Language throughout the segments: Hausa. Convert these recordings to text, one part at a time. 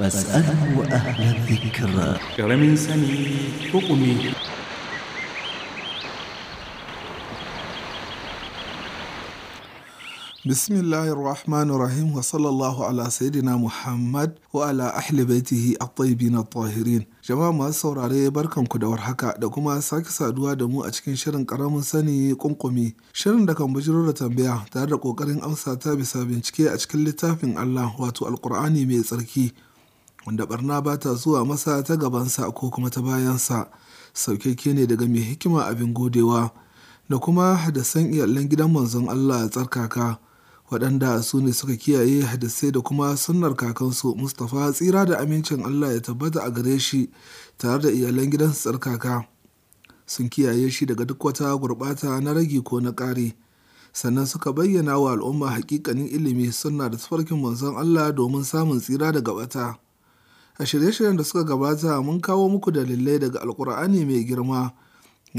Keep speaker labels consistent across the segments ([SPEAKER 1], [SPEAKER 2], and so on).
[SPEAKER 1] فاسأله أهل الذكر كرم سني حكمي bismillahi rahmanu rahim wa sallallahu ala sayyidina muhammad wa ala ahli baitihi at-tayyibin at-tahirin jama'a masu saurare barkanku da warhaka da kuma sake saduwa da mu a cikin shirin karamin sani kunkumi shirin da kan bujiro da tambaya tare da kokarin amsa ta bisa bincike a cikin littafin Allah wato alkur'ani mai tsarki wanda barna ba ta zuwa masa ta gabansa ko kuma ta bayansa saukakke ne daga mai hikima abin godewa da kuma hadasan iyalan gidan manzon Allah tsarkaka waɗanda su ne suka kiyaye hadisai da kuma sunnar kakansu Mustapha tsira da amincin Allah ya tabbata a gare shi tare da iyalan gidan tsarkaka sun kiyaye shi daga duk wata gurɓata na ragi ko na ƙari sannan suka bayyana wa al'umma hakikanin ilimi sunna da tafarkin manzon Allah domin samun tsira daga bata. a shirye-shiryen da suka gabata mun kawo muku dalilai daga alkur'ani mai girma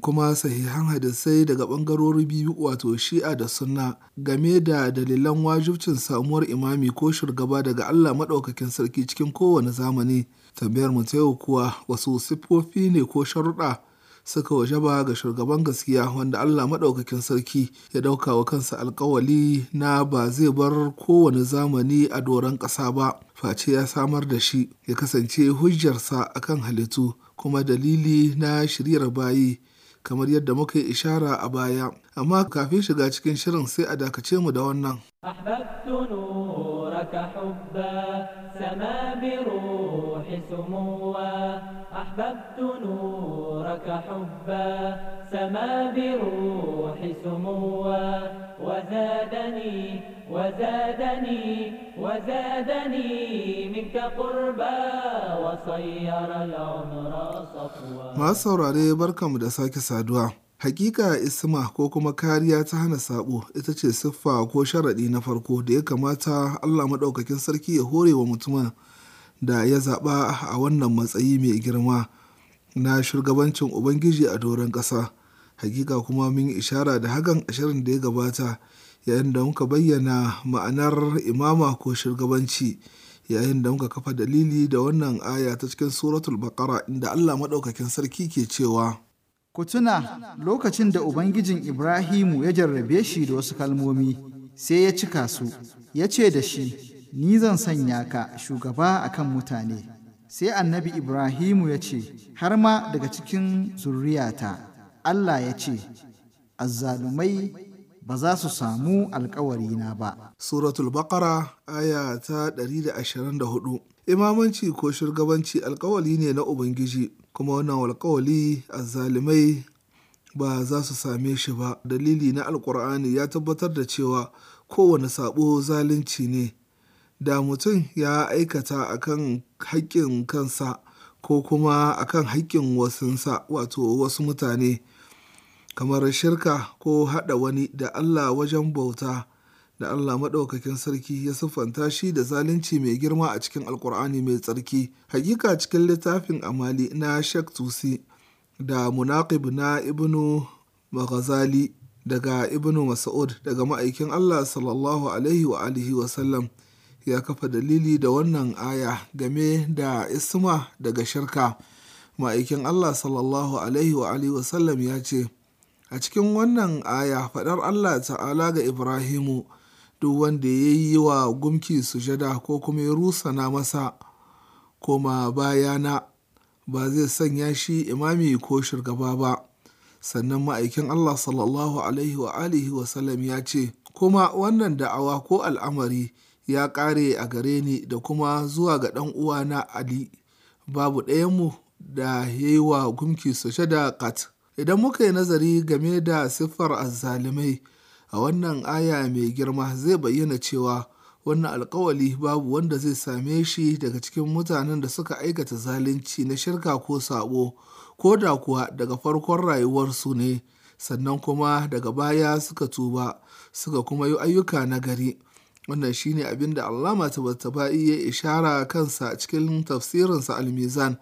[SPEAKER 1] kuma sahihan hadisai daga ɓangarori biyu wato shi'a da sunna game da dalilan wajibcin samuwar imami ko shugaba daga Allah maɗaukakin sarki cikin kowane zamani tambayar mu ta yau kuwa wasu siffofi ne ko sharuɗa suka ba ga shugaban gaskiya wanda Allah maɗaukakin sarki ya ɗauka wa kansa alkawali na ba zai bar kowane zamani a doron ƙasa ba face ya samar da shi ya kasance hujjarsa akan halittu kuma dalili na shiryar bayi kamar yadda muka yi ishara a baya amma kafin shiga cikin shirin sai a dakace mu da wannan
[SPEAKER 2] أحببت نورك حبا سما بروح سموا وزادني وزادني وزادني منك قربا وصير العمر صفوا ما
[SPEAKER 1] saurare barkamu da sake saduwa Hakika isma ko kuma kariya ta hana sabo ita ce siffa ko sharaɗi na farko da ya kamata Allah maɗaukakin sarki ya hore wa mutumin da ya zaɓa a wannan matsayi mai girma na shugabancin Ubangiji a doron ƙasa. Hakika kuma mun ishara da hakan ashirin da ya gabata yayin da muka bayyana ma'anar imama ko shugabanci yayin da muka kafa dalili da wannan aya ta cikin suratul baqara inda Allah maɗaukakin sarki ke cewa
[SPEAKER 2] Ku tuna lokacin da Ubangijin Ibrahimu ya jarrabe shi da wasu kalmomi sai ya cika su ya ce da shi ni zan sanya ka shugaba akan mutane sai annabi Ibrahimu ya ce har ma daga cikin zurriyata Allah ya ce azzalumai ba za su samu na ba. Suratul Baqara aya ta 124
[SPEAKER 1] Imamanci ko shugabanci alkawali ne na Ubangiji kuma wannan alkawali zalimai ba za su same shi ba dalili na alkur'ani ya tabbatar da cewa kowane sabo zalunci ne da mutum ya aikata akan haƙƙin kansa ko kuma akan haƙƙin wasunsa wato wasu mutane kamar shirka ko haɗa wani da Allah wajen bauta da Allah maɗaukakin sarki ya siffanta shi da zalunci mai girma a cikin alkur'ani mai tsarki hakika cikin littafin amali na shek tusi da munaqib na ibnu maghazali daga ibnu mas'ud daga ma'aikin Allah sallallahu alaihi wa alihi wa ya kafa dalili da wannan aya game da isma daga shirka ma'aikin Allah sallallahu alaihi wa alihi wa ya ce A cikin wannan aya, faɗar Allah Ta'ala ga Ibrahimu, duk wanda ya yi wa gumki sujada ko kuma ya rusana masa, koma bayana ba zai sanya shi imami ko shugaba ba. Sannan ma'aikin Allah sallallahu Alaihi wa alihi wasallam ya ce, Kuma wannan da'awa ko al'amari ya ƙare a gare ni da kuma zuwa ga ɗan uwana Ali, babu ɗayanmu da ya yi wa gumki sujada kat. Idan muka yi nazari game da siffar azzalumai a wannan aya mai girma zai bayyana cewa wannan alkawali babu wanda zai same shi daga cikin mutanen da suka aikata zalunci na shirka ko sabo ko da kuwa daga farkon rayuwarsu ne sannan kuma daga baya suka tuba suka kuma yi ayyuka na gari wannan shine abin da allama tabatabai ya ishara kansa cikin tafsirinsa almizan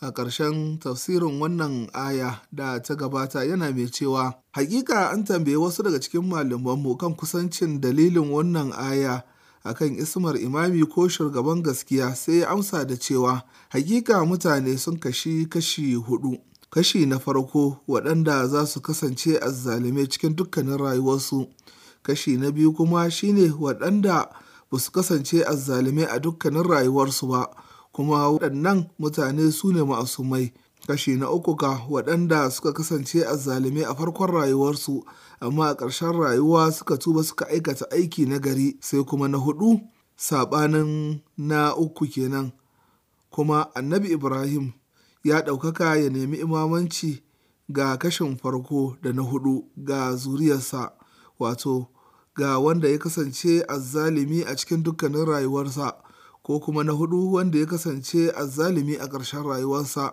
[SPEAKER 1] a ƙarshen tafsirin wannan aya da ta gabata yana mai cewa hakika an tambaye wasu daga cikin malamanmu kan kusancin dalilin wannan aya akan ismar imami ko shugaban gaskiya sai ya amsa da cewa hakika mutane sun kashi kashi hudu kashi na farko waɗanda za su kasance zalume cikin dukkanin rayuwarsu kashi na biyu kuma shine waɗanda ba su kasance a zalume a dukkanin rayuwarsu ba kuma waɗannan mutane su ne ma'asumai kashi na uku ga waɗanda suka kasance a zalime a farkon rayuwarsu amma a ƙarshen rayuwa suka tuba suka aikata aiki na gari sai kuma na hudu saɓanin na uku kenan kuma annabi ibrahim ya ɗaukaka ya nemi imamanci ga kashin farko da na hudu ga zuriyarsa wato ga wanda ya kasance a zalimi a cikin dukkanin rayuwarsa ko kuma na hudu wanda ya kasance a zalimi a ƙarshen rayuwarsa.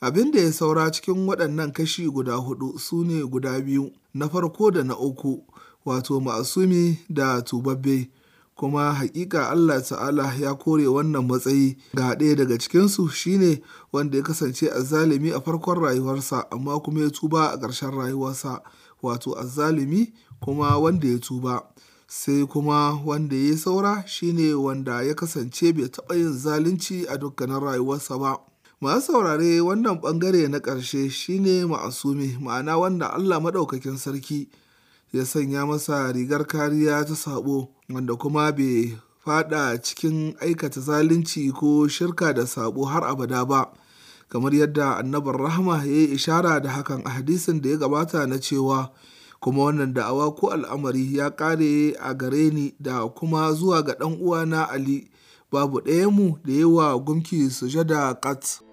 [SPEAKER 1] Abin da ya saura cikin waɗannan kashi guda hudu su ne guda biyu, na farko da na uku, wato ma'asumi da tubabbe, kuma haƙiƙa Allah ta'ala ya kore wannan matsayi ga ɗaya daga cikinsu shine wanda ya kasance a zalimi a farkon rayuwarsa amma kuma ya tuba a ƙarshen rayuwarsa, wato a zalimi kuma wanda ya tuba. sai kuma wanda ya yi saura shine wanda ya kasance bai taɓa yin zalunci a dukkanin rayuwarsa ba masu saurare wannan ɓangare na ƙarshe shine ma'asumi ma'ana wanda allah maɗaukakin sarki ya sanya masa rigar kariya ta sabo wanda kuma bai fada cikin aikata zalunci ko shirka da sabo har abada ba kamar yadda annabar rahama ya yi ishara da hakan a hadisin da ya gabata na cewa kuma wannan da'awa ko al'amari ya kare a gare ni da kuma zuwa ga ɗan uwana Ali babu mu da yawa gumki sujada kat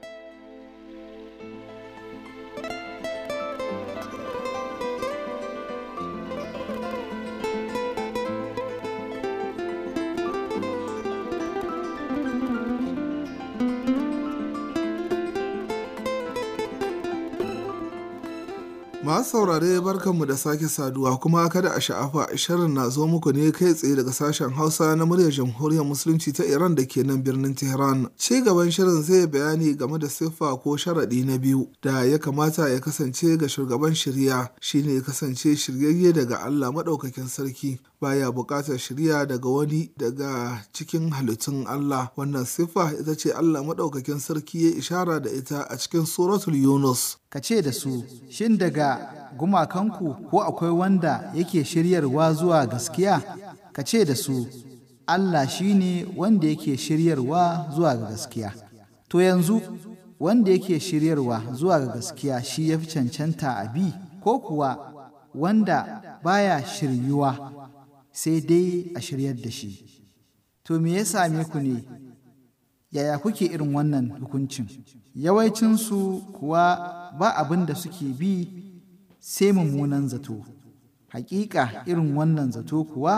[SPEAKER 1] Masu saurare barkanmu da sake saduwa kuma kada a sha'afa shirin na zo muku ne kai tsaye daga sashen Hausa na muryar Jamhuriyar Musulunci ta Iran da ke nan birnin Tehran. Ci gaban shirin zai bayani game da siffa ko sharaɗi na biyu da ya kamata ya kasance ga shugaban shirya shine ya kasance shiryayye daga Allah maɗaukakin sarki baya buƙatar shirya daga wani daga cikin halittun Allah wannan siffa
[SPEAKER 2] ita ce Allah maɗaukakin sarki ya ishara da ita a cikin suratul Yunus ka ce da su shin daga gumakanku ko akwai wanda yake shiryarwa zuwa gaskiya ka ce da su Allah shine wanda yake shiryarwa zuwa ga gaskiya to yanzu wanda yake shiryarwa zuwa ga gaskiya shi ya fi cancanta a bi ko kuwa wanda baya shiryuwa sai dai a shiryar da shi. To me ya same ku ne, yaya kuke irin wannan hukuncin? Yawancinsu kuwa ba abin da suke bi sai mummunan zato. Hakika irin wannan zato kuwa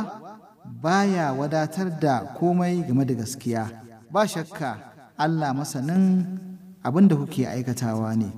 [SPEAKER 2] baya wadatar da komai game da gaskiya. Ba shakka Allah masanin abin da kuke aikatawa ne.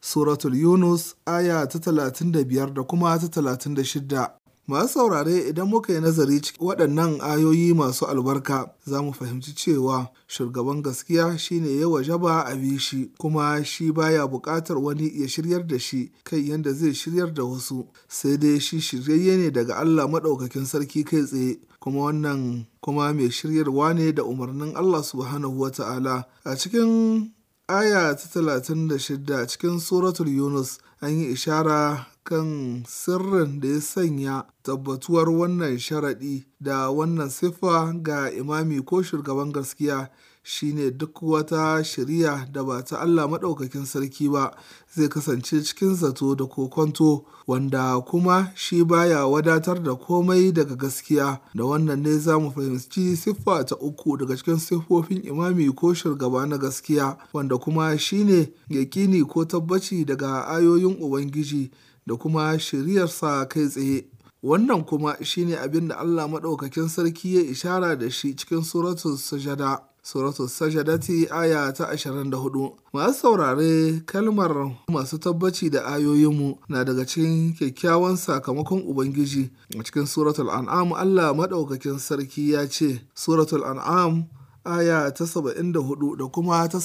[SPEAKER 2] Suratul
[SPEAKER 1] Yunus aya ta talatin da biyar da kuma ta talatin da shidda. Masu saurare idan muka yi nazari cikin waɗannan ayoyi masu albarka za mu fahimci cewa shugaban gaskiya shine ya wajaba a bi shi kuma shi baya buƙatar wani ya shiryar da shi kai yadda zai shiryar da wasu sai dai shi shiryayye ne daga Allah maɗaukakin sarki kai tsaye kuma wannan kuma mai shiryarwa ne da umarnin Allah subhanahu wa ta'ala a cikin aya ta talatin da shida cikin suratul Yunus an yi ishara kan sirrin da ya sanya tabbatuwar wannan sharaɗi da wannan siffa ga imami ko shugaban gaskiya shine duk wata shiriya da ba ta Allah maɗaukakin sarki ba zai kasance cikin zato da kokonto wanda kuma shi baya wadatar da komai daga gaskiya da wannan ne za mu fahimci siffa ta uku daga cikin siffofin imami ko shirgaba na gaskiya wanda kuma shine yaƙini ko tabbaci daga ayoyin ubangiji da kuma shiriyarsa kai tsaye wannan kuma shine abin da Allah maɗaukakin sarki ya ishara da shi cikin suratul sujada suratul sajadati aya ta 24 masu saurare kalmar masu tabbaci da ayoyinmu na daga cikin kyakkyawan sakamakon ubangiji a cikin suratul an'am allah maɗaukakin sarki ya ce suratul an'am aya ta 74
[SPEAKER 2] da kuma ta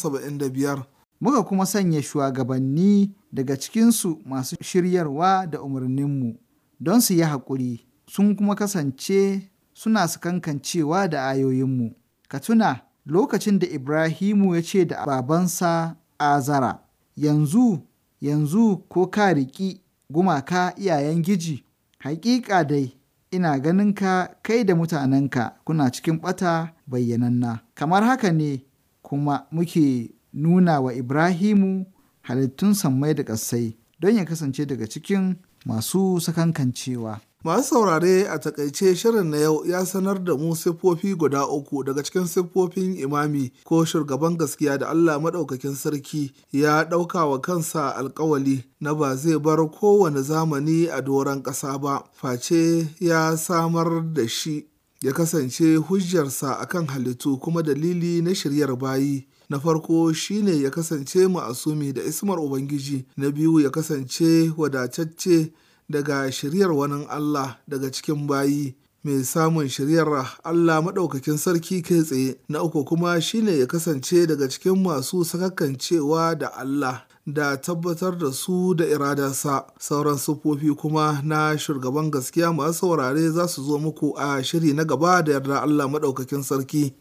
[SPEAKER 2] biyar. muka kuma sanya shugabanni daga cikinsu masu shiryarwa da umarninmu don su yi haƙuri sun kuma kasance suna su kankancewa da ayoyinmu ka tuna lokacin da Ibrahimu ya ce da babansa Azara, Yanzu, yanzu ko ka riƙi gumaka iyayen giji, haƙiƙa dai, ina ganin ka kai da mutanenka kuna cikin ɓata bayyananna. Kamar haka ne kuma muke nuna wa Ibrahimu halittun sammai da ƙasai don ya kasance daga cikin masu sakankancewa.
[SPEAKER 1] Masu saurare a takaice shirin na yau ya sanar da mu siffofi guda uku daga cikin siffofin imami ko shugaban gaskiya da Allah maɗaukakin sarki ya ɗauka wa kansa alkawali na ba zai bar kowane zamani a doron ƙasa ba, face ya samar da shi ya kasance hujjarsa a kan halittu kuma dalili na shiryar bayi. na farko shine ya kasance ma'asumi da ismar ubangiji na biyu ya kasance wadatacce daga shiryar wani Allah daga cikin bayi mai samun shiryar Allah maɗaukakin sarki kai tsaye na uku kuma shine ya kasance daga cikin masu sakakancewa da Allah da tabbatar da su da iradarsa sauran siffofi kuma na shugaban gaskiya masu saurare za su zo muku a shiri na gaba da yarda Allah maɗaukakin sarki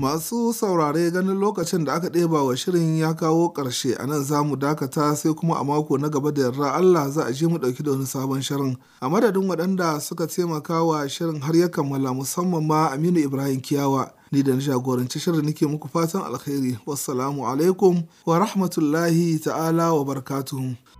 [SPEAKER 1] Masu saurare ganin lokacin da aka ɗeba wa shirin ya kawo ƙarshe a nan za mu dakata sai kuma a mako na gaba da yarda Allah za a je mu ɗauki da wani sabon shirin. A madadin waɗanda suka taimaka wa shirin har ya kammala musamman ma Aminu Ibrahim Kiyawa. Ni da na jagoranci shirin nake muku fatan alkhairi. Wassalamu alaikum wa rahmatullahi ta'ala wa barakatuhu.